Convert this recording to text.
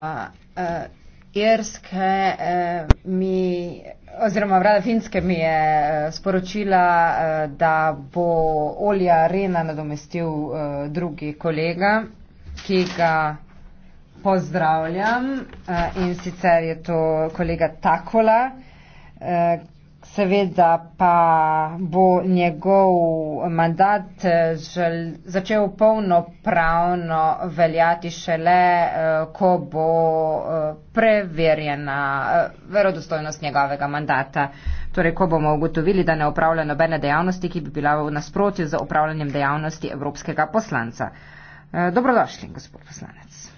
uh, Irske uh, mi, oziroma vlada Finske mi je eh, sporočila, uh, da bo Olja Rena nadomestil uh, drugi kolega, ki ga pozdravljam uh, in sicer je to kolega Takola. Uh, seveda pa bo njegov mandat eh, žel, začel polnopravno veljati šele, eh, ko bo eh, preverjena verodostojnost njegovega mandata. Torej, ko bomo ugotovili, da ne upravlja nobene dejavnosti, ki bi bila v nasprotju z upravljanjem dejavnosti evropskega poslanca. Dobrodošli, gospod poslanec.